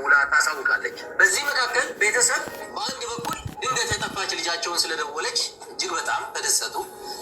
ደውላ ታሳውቃለች። በዚህ መካከል ቤተሰብ በአንድ በኩል ድንገት የጠፋች ልጃቸውን ስለደወለች እጅግ በጣም ተደሰቱ።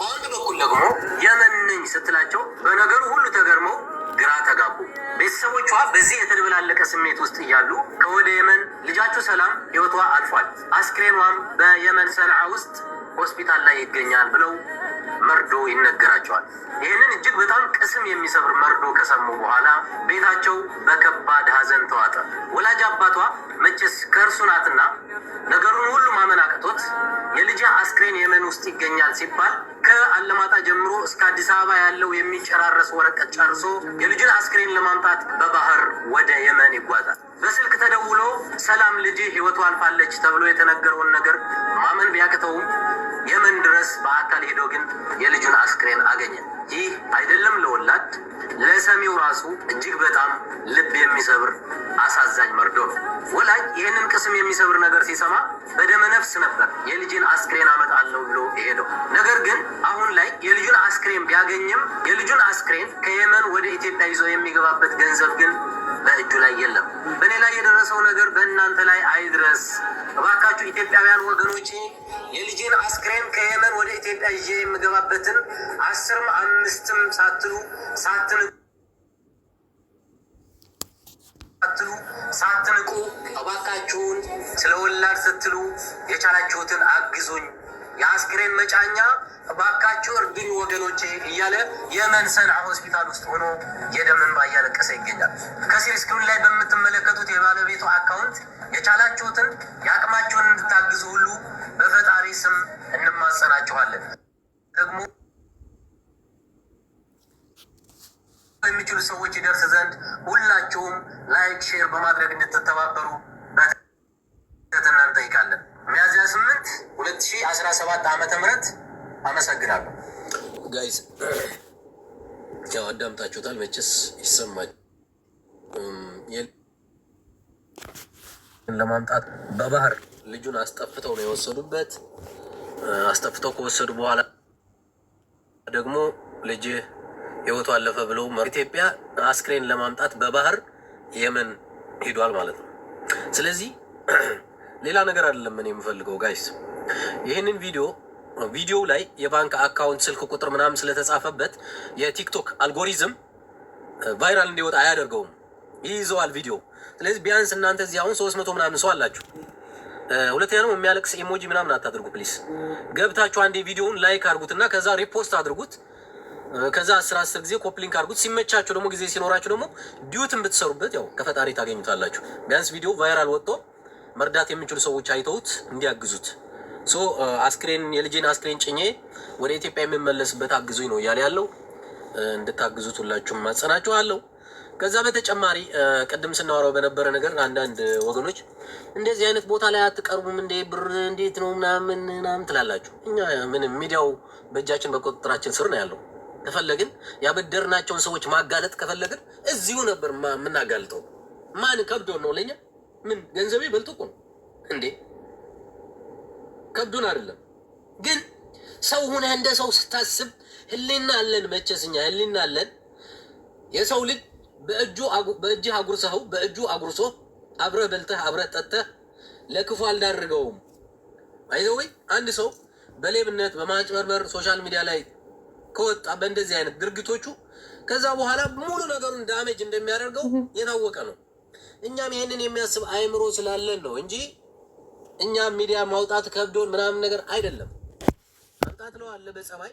በአንድ በኩል ደግሞ የመን ስትላቸው በነገሩ ሁሉ ተገርመው ግራ ተጋቡ። ቤተሰቦቿ በዚህ የተደበላለቀ ስሜት ውስጥ እያሉ ከወደ የመን ልጃችሁ ሰላም ህይወቷ አልፏል፣ አስክሬኗም በየመን ሰንዓ ውስጥ ሆስፒታል ላይ ይገኛል ብለው መርዶ ይነገራቸዋል። ይህንን እጅግ በጣም ቅስም የሚሰብር መርዶ ከሰሙ በኋላ ቤታቸው በከባድ ሀዘን ተዋጠ። ወላጅ አባቷ መቼስ ከእርሱ ናትና ነገሩን ሁሉ ማመን አቅቶት የልጅ አስክሬን የመን ውስጥ ይገኛል ሲባል ከአለማጣ ጀምሮ እስከ አዲስ አበባ ያለው የሚጨራረስ ወረቀት ጨርሶ የልጅን አስክሬን ለማምጣት በባህር ወደ የመን ይጓዛል። ሰላም ልጅ ህይወቱ አልፋለች ተብሎ የተነገረውን ነገር ማመን ቢያቅተውም የመን ድረስ በአካል ሄዶ ግን የልጁን አስክሬን አገኘ። ይህ አይደለም ለወላድ ለሰሚው ራሱ እጅግ በጣም ልብ የሚሰብር አሳዛኝ መርዶ ነው። ወላጅ ይህንን ቅስም የሚሰብር ነገር ሲሰማ በደመ ነፍስ ነበር የልጅን አስክሬን አመጣለሁ ብሎ የሄደው ነገር ግን አሁን ላይ የልጁን አስክሬን ቢያገኝም የልጁን አስክሬን ከየመን ወደ ኢትዮጵያ ይዞ የሚገባበት ገንዘብ ግን በእጁ ላይ የለም። በእኔ ላይ የደረሰው ነገር በእናንተ ላይ አይድረስ። እባካችሁ ኢትዮጵያውያን ወገኖች የልጅን አስክሬን ከየመን ወደ ኢትዮጵያ ይዤ የምገባበትን አስርም አምስትም ሳትሉ ሳትሉ ሳትንቁ እባካችሁን ስለ ወላድ ስትሉ የቻላችሁትን አግዙኝ። የአስክሬን መጫኛ እባካችሁ እርዱኝ ወገኖቼ እያለ የመን ሰንዓ ሆስፒታል ውስጥ ሆኖ የደም እንባ እያለቀሰ ይገኛል። ከስር ስክሪን ላይ በምትመለከቱት የባለቤቱ አካውንት የቻላችሁትን የአቅማችሁን እንድታግዙ ሁሉ በፈጣሪ ስም እንማጸናችኋለን። ደግሞ የሚችሉ ሰዎች ይደርስ ዘንድ ሁላችሁም ላይክ፣ ሼር በማድረግ እንድትተባበሩ 18 2017 ዓመተ ምህረት አመሰግናለሁ። ጋይስ ያው አዳምጣችሁታል መቼስ ይሰማል። ለማምጣት በባህር ልጁን አስጠፍተው ነው የወሰዱበት። አስጠፍተው ከወሰዱ በኋላ ደግሞ ልጅ ህይወቱ አለፈ ብለው ኢትዮጵያ አስክሬን ለማምጣት በባህር የመን ሄዷል ማለት ነው። ስለዚህ ሌላ ነገር አይደለም እኔ የምፈልገው ጋይስ። ይህንን ቪዲዮ ቪዲዮ ላይ የባንክ አካውንት ስልክ ቁጥር ምናምን ስለተጻፈበት የቲክቶክ አልጎሪዝም ቫይራል እንዲወጣ አያደርገውም፣ ይይዘዋል ቪዲዮ። ስለዚህ ቢያንስ እናንተ እዚህ አሁን ሶስት መቶ ምናምን ሰው አላችሁ። ሁለተኛ ደግሞ የሚያለቅስ ኢሞጂ ምናምን አታድርጉ ፕሊስ። ገብታችሁ አንዴ ቪዲዮውን ላይክ አድርጉትና ከዛ ሪፖስት አድርጉት ከዛ አስር አስር ጊዜ ኮፕሊንክ አድርጉት። ሲመቻችሁ ደግሞ ጊዜ ሲኖራችሁ ደግሞ ዲዩትን ብትሰሩበት ያው ከፈጣሪ ታገኙታላችሁ። ቢያንስ ቪዲዮ ቫይራል ወጥቶ መርዳት የሚችሉ ሰዎች አይተውት እንዲያግዙት አስክሬን የልጄን አስክሬን ጭኜ ወደ ኢትዮጵያ የምመለስበት አግዙኝ ነው እያለ ያለው። እንድታግዙት ሁላችሁም ማጸናችኋለሁ። ከዛ በተጨማሪ ቅድም ስናወራው በነበረ ነገር አንዳንድ ወገኖች እንደዚህ አይነት ቦታ ላይ አትቀርቡም እንዴ? ብር እንዴት ነው ምናምን ምናምን ትላላችሁ። እኛ ምንም ሚዲያው በእጃችን በቁጥጥራችን ስር ነው ያለው። ከፈለግን ያበደርናቸውን ሰዎች ማጋለጥ ከፈለግን እዚሁ ነበር የምናጋልጠው። ማን ከብዶን ነው ለኛ ምን ገንዘቤ በልጦ እኮ ነው እንዴ? ከብዱን አይደለም ግን ሰው ሁነ እንደ ሰው ስታስብ ህሊና አለን። መቸስኛ ህሊና አለን። የሰው ልጅ በእጁ በእጅህ አጉርሰኸው በእጁ አጉርሶ አብረህ በልተህ አብረህ ጠጥተህ ለክፉ አልዳርገውም። አይዘው አንድ ሰው በሌብነት በማጭበርበር ሶሻል ሚዲያ ላይ ከወጣ በእንደዚህ አይነት ድርጊቶቹ ከዛ በኋላ ሙሉ ነገሩን ዳሜጅ እንደሚያደርገው የታወቀ ነው። እኛም ይህንን የሚያስብ አእምሮ ስላለን ነው እንጂ እኛም ሚዲያ ማውጣት ከብዶን ምናምን ነገር አይደለም። ማምጣት ነው አለ በጸባይ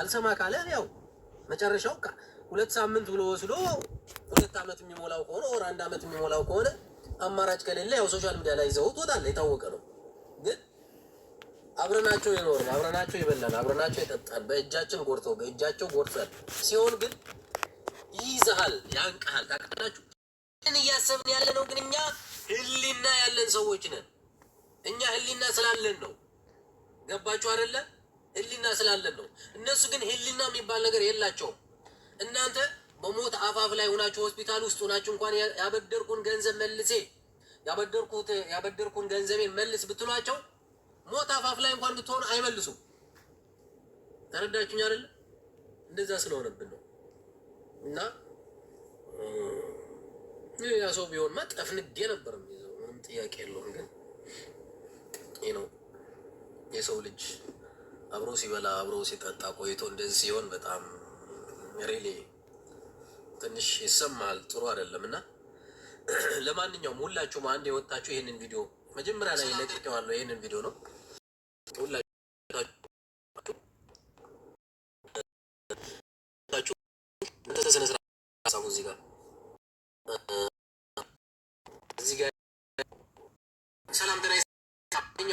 አልሰማ ካለ ያው መጨረሻው ሁለት ሳምንት ብሎ ወስዶ ሁለት ዓመት የሚሞላው ከሆነ ወር አንድ ዓመት የሚሞላው ከሆነ አማራጭ ከሌለ ያው ሶሻል ሚዲያ ላይ ይዘው ወጣለ የታወቀ ነው። ግን አብረናቸው የኖርን አብረናቸው የበላን አብረናቸው የጠጣን በእጃችን ጎርተው በእጃቸው ጎርተን ሲሆን ግን ይይዝሃል፣ ያንቀሃል። ታውቃላችሁ እያሰብን ያለ ነው። ግን እኛ ህሊና ያለን ሰዎች ነን። እኛ ህሊና ስላለን ነው። ገባችሁ አይደለ? ህሊና ስላለን ነው። እነሱ ግን ህሊና የሚባል ነገር የላቸውም። እናንተ በሞት አፋፍ ላይ ሆናችሁ ሆስፒታል ውስጥ ሆናችሁ እንኳን ያበደርኩን ገንዘብ መልሴ ያበደርኩት ያበደርኩን ገንዘቤን መልስ ብትሏቸው ሞት አፋፍ ላይ እንኳን ብትሆኑ አይመልሱም። ተረዳችሁኝ አይደለ? እንደዛ ስለሆነብን ነው እና ሌላ ሰው ቢሆን ቢሆንማ ጠፍንጌ ነበር የሚይዘው። ምንም ጥያቄ የለውም። ግን ይህ ነው የሰው ልጅ አብሮ ሲበላ አብሮ ሲጠጣ ቆይቶ እንደዚህ ሲሆን በጣም ሪሊ ትንሽ ይሰማል፣ ጥሩ አይደለም። እና ለማንኛውም ሁላችሁም አንድ የወጣችሁ ይህንን ቪዲዮ መጀመሪያ ላይ ለቅቄዋለሁ። ይህንን ቪዲዮ ነው ሁላችሁ እዚህ ጋር ሰላም ጤና ይስጥልኝ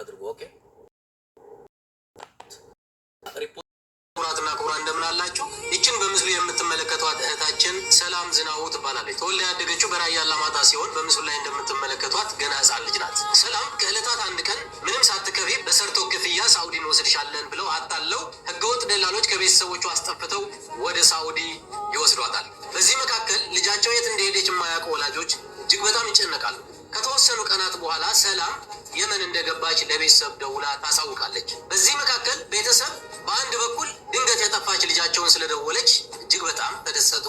አድርጎ ኦኬ አባት እህታችን ሰላም ዝናቡ ትባላለች። ተወልዳ ያደገችው በራያ አላማጣ ሲሆን በምስሉ ላይ እንደምትመለከቷት ገና ህፃን ልጅ ናት። ሰላም ከእለታት አንድ ቀን ምንም ሳትከፊ በሰርቶ ክፍያ ሳኡዲ እንወስድሻለን ብለው አታለው ህገወጥ ደላሎች ከቤተሰቦቹ አስጠፍተው ወደ ሳውዲ ይወስዷታል። በዚህ መካከል ልጃቸው የት እንደሄደች የማያውቁ ወላጆች እጅግ በጣም ይጨነቃሉ። ከተወሰኑ ቀናት በኋላ ሰላም የመን እንደገባች ለቤተሰብ ደውላ ታሳውቃለች። በዚህ መካከል ቤተሰብ በአንድ በኩል ድንገት የጠፋች ልጃቸውን ስለደወለች እጅግ በጣም ተደሰቱ።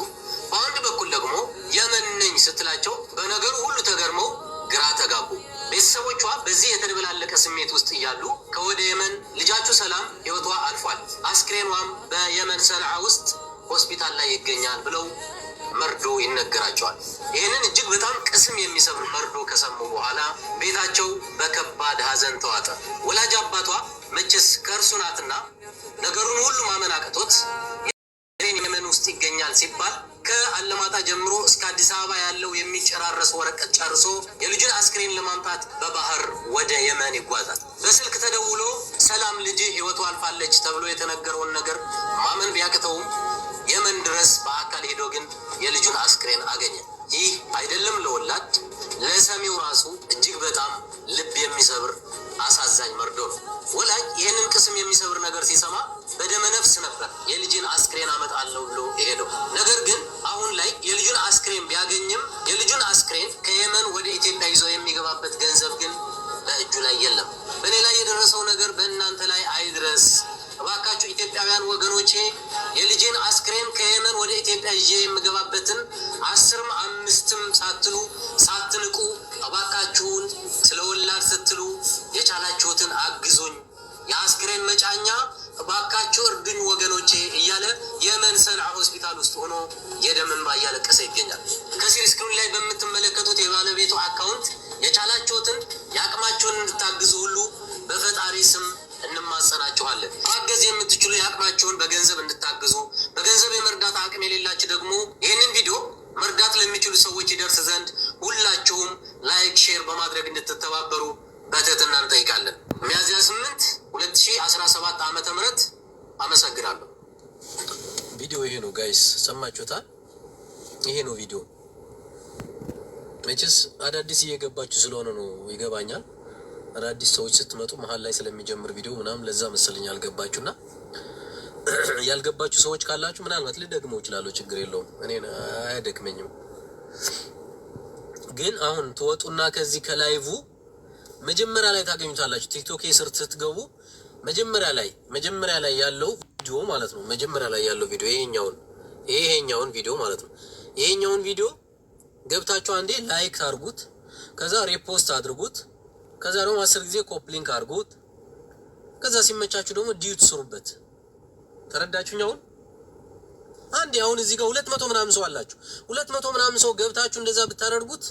በአንድ በኩል ደግሞ የመን ነኝ ስትላቸው በነገሩ ሁሉ ተገርመው ግራ ተጋቡ። ቤተሰቦቿ በዚህ የተደበላለቀ ስሜት ውስጥ እያሉ ከወደ የመን ልጃችሁ ሰላም ህይወቷ አልፏል፣ አስክሬኗም በየመን ሰንዓ ውስጥ ሆስፒታል ላይ ይገኛል ብለው መርዶ ይነገራቸዋል። ይህንን እጅግ በጣም ቅስም የሚሰብር መርዶ ከሰሙ በኋላ ቤታቸው በከባድ ሀዘን ተዋጠ። ወላጅ አባቷ መቼስ ከእርሱ ናትና ነገሩን ሁሉ ማመን አቅቶት የመን ውስጥ ይገኛል ሲባል ከአለማጣ ጀምሮ እስከ አዲስ አበባ ያለው የሚጨራረስ ወረቀት ጨርሶ የልጁን አስክሬን ለማምጣት በባህር ወደ የመን ይጓዛል። በስልክ ተደውሎ ሰላም ልጅ ህይወቱ አልፋለች ተብሎ የተነገረውን ነገር ማመን ቢያቅተውም የመን ድረስ በአካል ሄዶ ግን የልጁን አስክሬን አገኘ። ይህ አይደለም ለወላድ ለሰሚው ራሱ እጅግ በጣም ልብ የሚሰብር አሳዛኝ መርዶ ነው። ወላጅ ይህንን ቅስም የሚሰብር ነገር ሲሰማ በደመ ነፍስ ነበር የልጅን አስክሬን አመጣለሁ ብሎ የሄደው። ነገር ግን አሁን ላይ የልጁን አስክሬን ቢያገኝም የልጁን አስክሬን ከየመን ወደ ኢትዮጵያ ይዞ የሚገባበት ገንዘብ ግን በእጁ ላይ የለም። በእኔ ላይ የደረሰው ነገር በእናንተ ላይ አይድረስ። እባካችሁ ኢትዮጵያውያን ወገኖቼ የልጄን አስክሬን ከየመን ወደ ኢትዮጵያ ይዤ የምገባበትን አስርም አምስትም ሳትሉ ሳትንቁ እባካችሁን ስለ ወላድ ስትሉ የቻላችሁትን አግዞኝ የአስክሬን መጫኛ እባካችሁ እርዱኝ ወገኖቼ እያለ የመን ሰንዓ ሆስፒታል ውስጥ ሆኖ የደም እንባ እያለቀሰ ይገኛል። ከሲር ስክሪን ላይ በምትመለከቱት የባለቤቱ አካውንት የቻላችሁትን የአቅማችሁን እንድታግዙ ሁሉ በፈጣሪ ስም እንማጸናችኋለን። አቅማችሁን በገንዘብ እንድታግዙ፣ በገንዘብ የመርዳት አቅም የሌላችሁ ደግሞ ይህንን ቪዲዮ መርዳት ለሚችሉ ሰዎች ይደርስ ዘንድ ሁላችሁም ላይክ፣ ሼር በማድረግ እንድትተባበሩ በትህትና እንጠይቃለን። ሚያዝያ ስምንት ሁለት ሺህ አስራ ሰባት ዓመተ ምህረት አመሰግናለሁ። ቪዲዮ ይሄ ነው ጋይስ፣ ሰማችሁታል? ይሄ ነው ቪዲዮ። መቼስ አዳዲስ እየገባችሁ ስለሆነ ነው ይገባኛል። አዳዲስ ሰዎች ስትመጡ መሀል ላይ ስለሚጀምር ቪዲዮ ምናምን ለዛ መሰለኝ አልገባችሁና ያልገባችሁ ሰዎች ካላችሁ ምናልባት ልደግመው እችላለሁ፣ ችግር የለውም። እኔ አያደክመኝም። ግን አሁን ትወጡና ከዚህ ከላይቭ መጀመሪያ ላይ ታገኙታላችሁ። ቲክቶክ ስር ስትገቡ መጀመሪያ ላይ መጀመሪያ ላይ ያለው ቪዲዮ ማለት ነው። መጀመሪያ ላይ ያለው ቪዲዮ ይሄኛውን ይሄኛውን ቪዲዮ ማለት ነው። ይሄኛውን ቪዲዮ ገብታችሁ አንዴ ላይክ አድርጉት፣ ከዛ ሪፖስት አድርጉት፣ ከዛ ደግሞ አስር ጊዜ ኮፕሊንክ አድርጉት። ከዛ ሲመቻችሁ ደግሞ ዲዩት ስሩበት። ተረዳችሁኝ? አሁን አንድ አሁን እዚህ ጋር ሁለት መቶ ምናምን ሰው አላችሁ። ሁለት መቶ ምናምን ሰው ገብታችሁ እንደዛ ብታደርጉት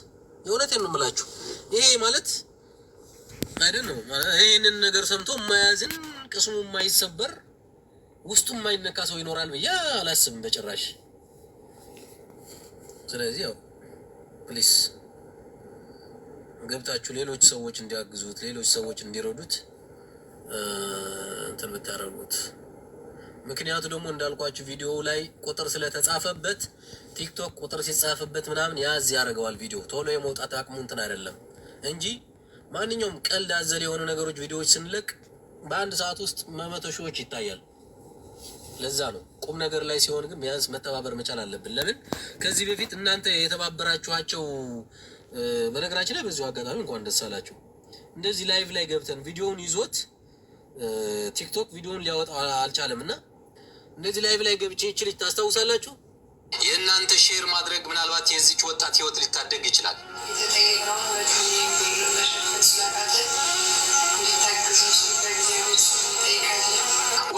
የእውነቴን ነው የምላችሁ። ይሄ ማለት ነው ይህንን ነገር ሰምቶ የማያዝን ቅስሙ የማይሰበር ውስጡ የማይነካ ሰው ይኖራል ብዬ አላስብም በጭራሽ። ስለዚህ ያው ፕሊስ ገብታችሁ ሌሎች ሰዎች እንዲያግዙት ሌሎች ሰዎች እንዲረዱት እንትን ብታደርጉት ምክንያቱ ደግሞ እንዳልኳችሁ ቪዲዮ ላይ ቁጥር ስለተጻፈበት ቲክቶክ ቁጥር ሲጻፍበት ምናምን ያዝ ያደርገዋል። ቪዲዮ ቶሎ የመውጣት አቅሙ እንትን አይደለም እንጂ ማንኛውም ቀልድ አዘል የሆኑ ነገሮች ቪዲዮዎች ስንለቅ በአንድ ሰዓት ውስጥ መመቶ ሺዎች ይታያል። ለዛ ነው ቁም ነገር ላይ ሲሆን ግን ቢያንስ መተባበር መቻል አለብን። ለምን ከዚህ በፊት እናንተ የተባበራችኋቸው በነገራችን ላይ በዚሁ አጋጣሚ እንኳን ደስ አላችሁ። እንደዚህ ላይቭ ላይ ገብተን ቪዲዮውን ይዞት ቲክቶክ ቪዲዮውን ሊያወጣ አልቻለም እና እነዚህ ላይቭ ላይ ገብቼ ይች ልጅ ታስታውሳላችሁ። የእናንተ ሼር ማድረግ ምናልባት የዚች ወጣት ህይወት ሊታደግ ይችላል።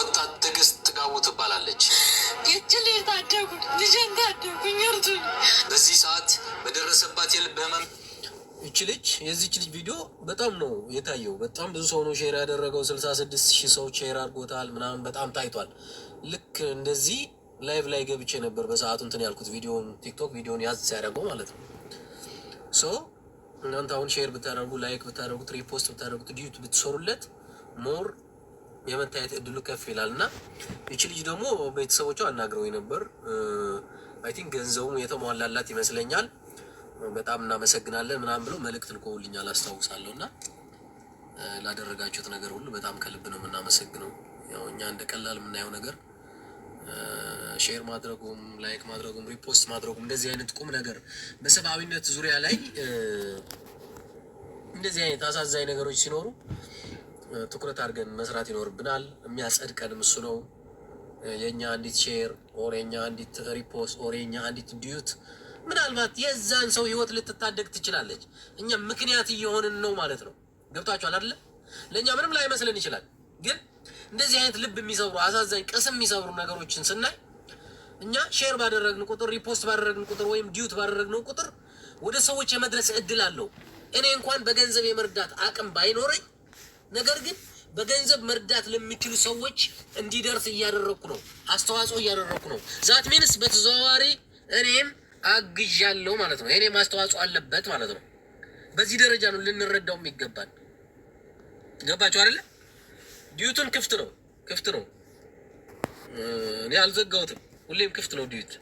ወጣት ትዕግስት ጥጋቡ ትባላለች። በዚህ ሰዓት በደረሰባት የልብ ህመም ይች ልጅ የዚች ልጅ ቪዲዮ በጣም ነው የታየው። በጣም ብዙ ሰው ነው ሼር ያደረገው። ስልሳ ስድስት ሺህ ሰው ሼር አድርጎታል ምናምን በጣም ታይቷል። ልክ እንደዚህ ላይቭ ላይ ገብቼ ነበር በሰዓቱ እንትን ያልኩት ቪዲዮን ቲክቶክ ቪዲዮን ያዝ ሲያደርገው ማለት ነው። ሶ እናንተ አሁን ሼር ብታደርጉ፣ ላይክ ብታደርጉት፣ ሪፖስት ብታደርጉት፣ ዲዩት ብትሰሩለት ሞር የመታየት እድሉ ከፍ ይላል እና ይቺ ልጅ ደግሞ ቤተሰቦቿ አናግረው ነበር። አይ ቲንክ ገንዘቡም የተሟላላት ይመስለኛል። በጣም እናመሰግናለን ምናምን ብለው መልእክት ልኮውልኛል አስታውሳለሁ። እና ላደረጋችሁት ነገር ሁሉ በጣም ከልብ ነው የምናመሰግነው። ያው እኛ እንደ ቀላል የምናየው ነገር ሼር ማድረጉም ላይክ ማድረጉም ሪፖስት ማድረጉም እንደዚህ አይነት ቁም ነገር በሰብአዊነት ዙሪያ ላይ እንደዚህ አይነት አሳዛኝ ነገሮች ሲኖሩ ትኩረት አድርገን መስራት ይኖርብናል። የሚያጸድቀንም እሱ ነው። የእኛ አንዲት ሼር ኦር የኛ አንዲት ሪፖስት ኦር የኛ አንዲት ዲዩት ምናልባት የዛን ሰው ህይወት ልትታደግ ትችላለች። እኛ ምክንያት እየሆንን ነው ማለት ነው። ገብታችኋል አይደለ? ለእኛ ምንም ላይመስለን ይችላል። ግን እንደዚህ አይነት ልብ የሚሰብሩ አሳዛኝ ቅስም የሚሰብሩ ነገሮችን ስናይ እኛ ሼር ባደረግን ቁጥር ሪፖስት ባደረግን ቁጥር ወይም ዲዩት ባደረግነው ቁጥር ወደ ሰዎች የመድረስ እድል አለው። እኔ እንኳን በገንዘብ የመርዳት አቅም ባይኖረኝ፣ ነገር ግን በገንዘብ መርዳት ለሚችሉ ሰዎች እንዲደርስ እያደረግኩ ነው፣ አስተዋጽኦ እያደረግኩ ነው። ዛት ሚንስ በተዘዋዋሪ እኔም አግዣለሁ ማለት ነው። እኔም አስተዋጽኦ አለበት ማለት ነው። በዚህ ደረጃ ነው ልንረዳው የሚገባል። ገባችሁ አይደለም? ዲዩትን ክፍት ነው ክፍት ነው። እኔ አልዘጋሁትም። ሁሌም ክፍት ነው ዲዩት